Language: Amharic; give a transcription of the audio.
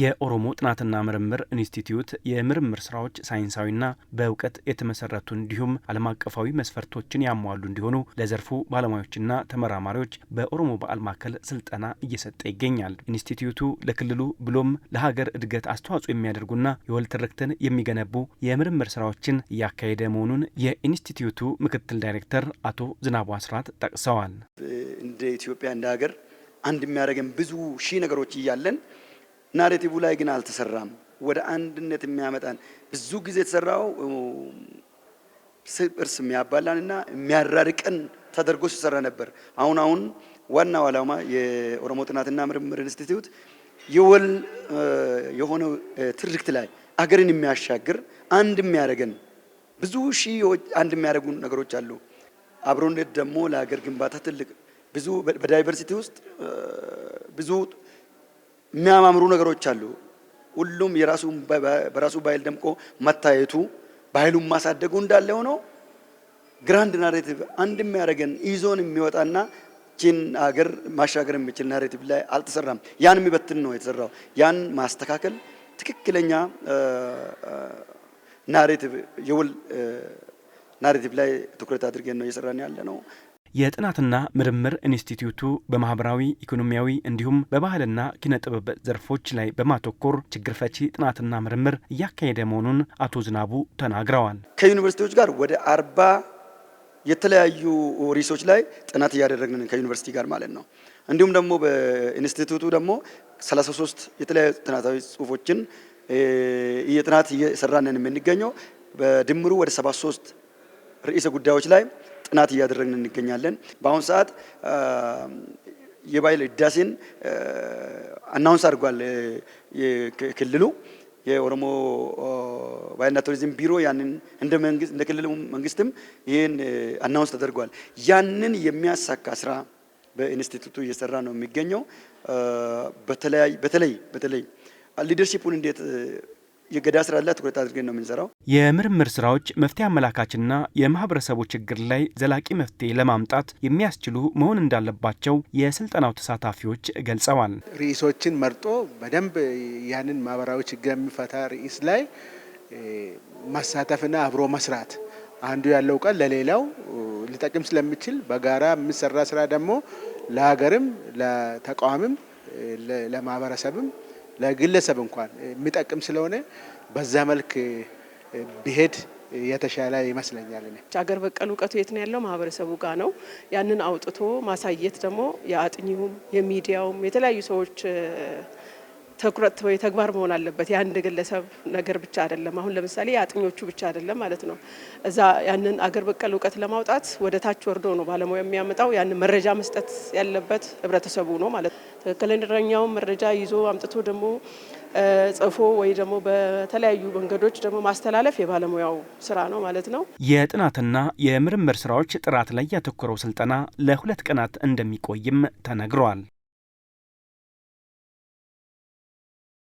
የኦሮሞ ጥናትና ምርምር ኢንስቲትዩት የምርምር ስራዎች ሳይንሳዊና በእውቀት የተመሰረቱ እንዲሁም ዓለም አቀፋዊ መስፈርቶችን ያሟሉ እንዲሆኑ ለዘርፉ ባለሙያዎችና ተመራማሪዎች በኦሮሞ በዓል ማዕከል ስልጠና እየሰጠ ይገኛል። ኢንስቲትዩቱ ለክልሉ ብሎም ለሀገር እድገት አስተዋጽኦ የሚያደርጉና የወል ትርክትን የሚገነቡ የምርምር ስራዎችን እያካሄደ መሆኑን የኢንስቲትዩቱ ምክትል ዳይሬክተር አቶ ዝናቡ አስራት ጠቅሰዋል። እንደ ኢትዮጵያ እንደ ሀገር አንድ የሚያደርገን ብዙ ሺህ ነገሮች እያለን ናሬቲቭ ላይ ግን አልተሰራም። ወደ አንድነት የሚያመጣን ብዙ ጊዜ የተሰራው እርስ የሚያባላንና የሚያራርቀን ተደርጎ ሲሰራ ነበር። አሁን አሁን ዋናው ዓላማ የኦሮሞ ጥናትና ምርምር ኢንስቲትዩት የወል የሆነው ትርክት ላይ አገርን የሚያሻግር አንድ የሚያደርገን ብዙ ሺዎች አንድ የሚያደርጉ ነገሮች አሉ። አብሮነት ደግሞ ለሀገር ግንባታ ትልቅ ብዙ በዳይቨርሲቲ ውስጥ ብዙ የሚያማምሩ ነገሮች አሉ። ሁሉም የራሱን በራሱ ባህል ደምቆ መታየቱ ባህሉን ማሳደጉ እንዳለ ሆኖ ግራንድ ናሬቲቭ አንድ የሚያደርገን ይዞን የሚወጣና ቺን አገር ማሻገር የሚችል ናሬቲቭ ላይ አልተሰራም። ያን የሚበትን ነው የተሰራው። ያን ማስተካከል ትክክለኛ ናሬቲቭ የውል ናሬቲቭ ላይ ትኩረት አድርገን ነው እየሰራን ያለ ነው። የጥናትና ምርምር ኢንስቲትዩቱ በማህበራዊ ኢኮኖሚያዊ እንዲሁም በባህልና ኪነ ጥበብ ዘርፎች ላይ በማተኮር ችግር ፈቺ ጥናትና ምርምር እያካሄደ መሆኑን አቶ ዝናቡ ተናግረዋል። ከዩኒቨርሲቲዎች ጋር ወደ አርባ የተለያዩ ሪሶች ላይ ጥናት እያደረግን ከዩኒቨርሲቲ ጋር ማለት ነው። እንዲሁም ደግሞ በኢንስቲትዩቱ ደግሞ 33 የተለያዩ ጥናታዊ ጽሁፎችን ጥናት እየሰራንን የምንገኘው በድምሩ ወደ 73 ርዕሰ ጉዳዮች ላይ ጥናት እያደረግን እንገኛለን። በአሁኑ ሰዓት የባይል ሕዳሴን አናውንስ አድርጓል ክልሉ። የኦሮሞ ባህልና ቱሪዝም ቢሮ ያንን እንደ መንግስት እንደ ክልሉ መንግስትም ይህን አናውንስ ተደርጓል። ያንን የሚያሳካ ስራ በኢንስቲትዩቱ እየሰራ ነው የሚገኘው። በተለይ በተለይ በተለይ ሊደርሺፑን እንዴት የገዳ ስራ ላይ ትኩረት አድርገን ነው የምንሰራው። የምርምር ስራዎች መፍትሄ አመላካችና የማህበረሰቡ ችግር ላይ ዘላቂ መፍትሄ ለማምጣት የሚያስችሉ መሆን እንዳለባቸው የስልጠናው ተሳታፊዎች ገልጸዋል። ርዕሶችን መርጦ በደንብ ያንን ማህበራዊ ችግር የሚፈታ ርዕስ ላይ ማሳተፍና አብሮ መስራት አንዱ ያለው ቀን ለሌላው ሊጠቅም ስለሚችል በጋራ የሚሰራ ስራ ደግሞ ለሀገርም ለተቃዋሚም ለማህበረሰብም ለግለሰብ እንኳን የሚጠቅም ስለሆነ በዛ መልክ ቢሄድ የተሻለ ይመስለኛል። እኔ ሀገር በቀል እውቀቱ የት ነው ያለው? ማህበረሰቡ ጋር ነው። ያንን አውጥቶ ማሳየት ደግሞ የአጥኚውም የሚዲያውም የተለያዩ ሰዎች ትኩረት ወይ ተግባር መሆን አለበት። የአንድ ግለሰብ ነገር ብቻ አይደለም። አሁን ለምሳሌ የአጥኞቹ ብቻ አይደለም ማለት ነው። እዛ ያንን አገር በቀል እውቀት ለማውጣት ወደ ታች ወርዶ ነው ባለሙያ የሚያመጣው። ያንን መረጃ መስጠት ያለበት ህብረተሰቡ ነው ማለት ነው። ትክክለኛውን መረጃ ይዞ አምጥቶ ደግሞ ጽፎ ወይ ደግሞ በተለያዩ መንገዶች ደግሞ ማስተላለፍ የባለሙያው ስራ ነው ማለት ነው። የጥናትና የምርምር ስራዎች ጥራት ላይ ያተኮረው ስልጠና ለሁለት ቀናት እንደሚቆይም ተነግረዋል።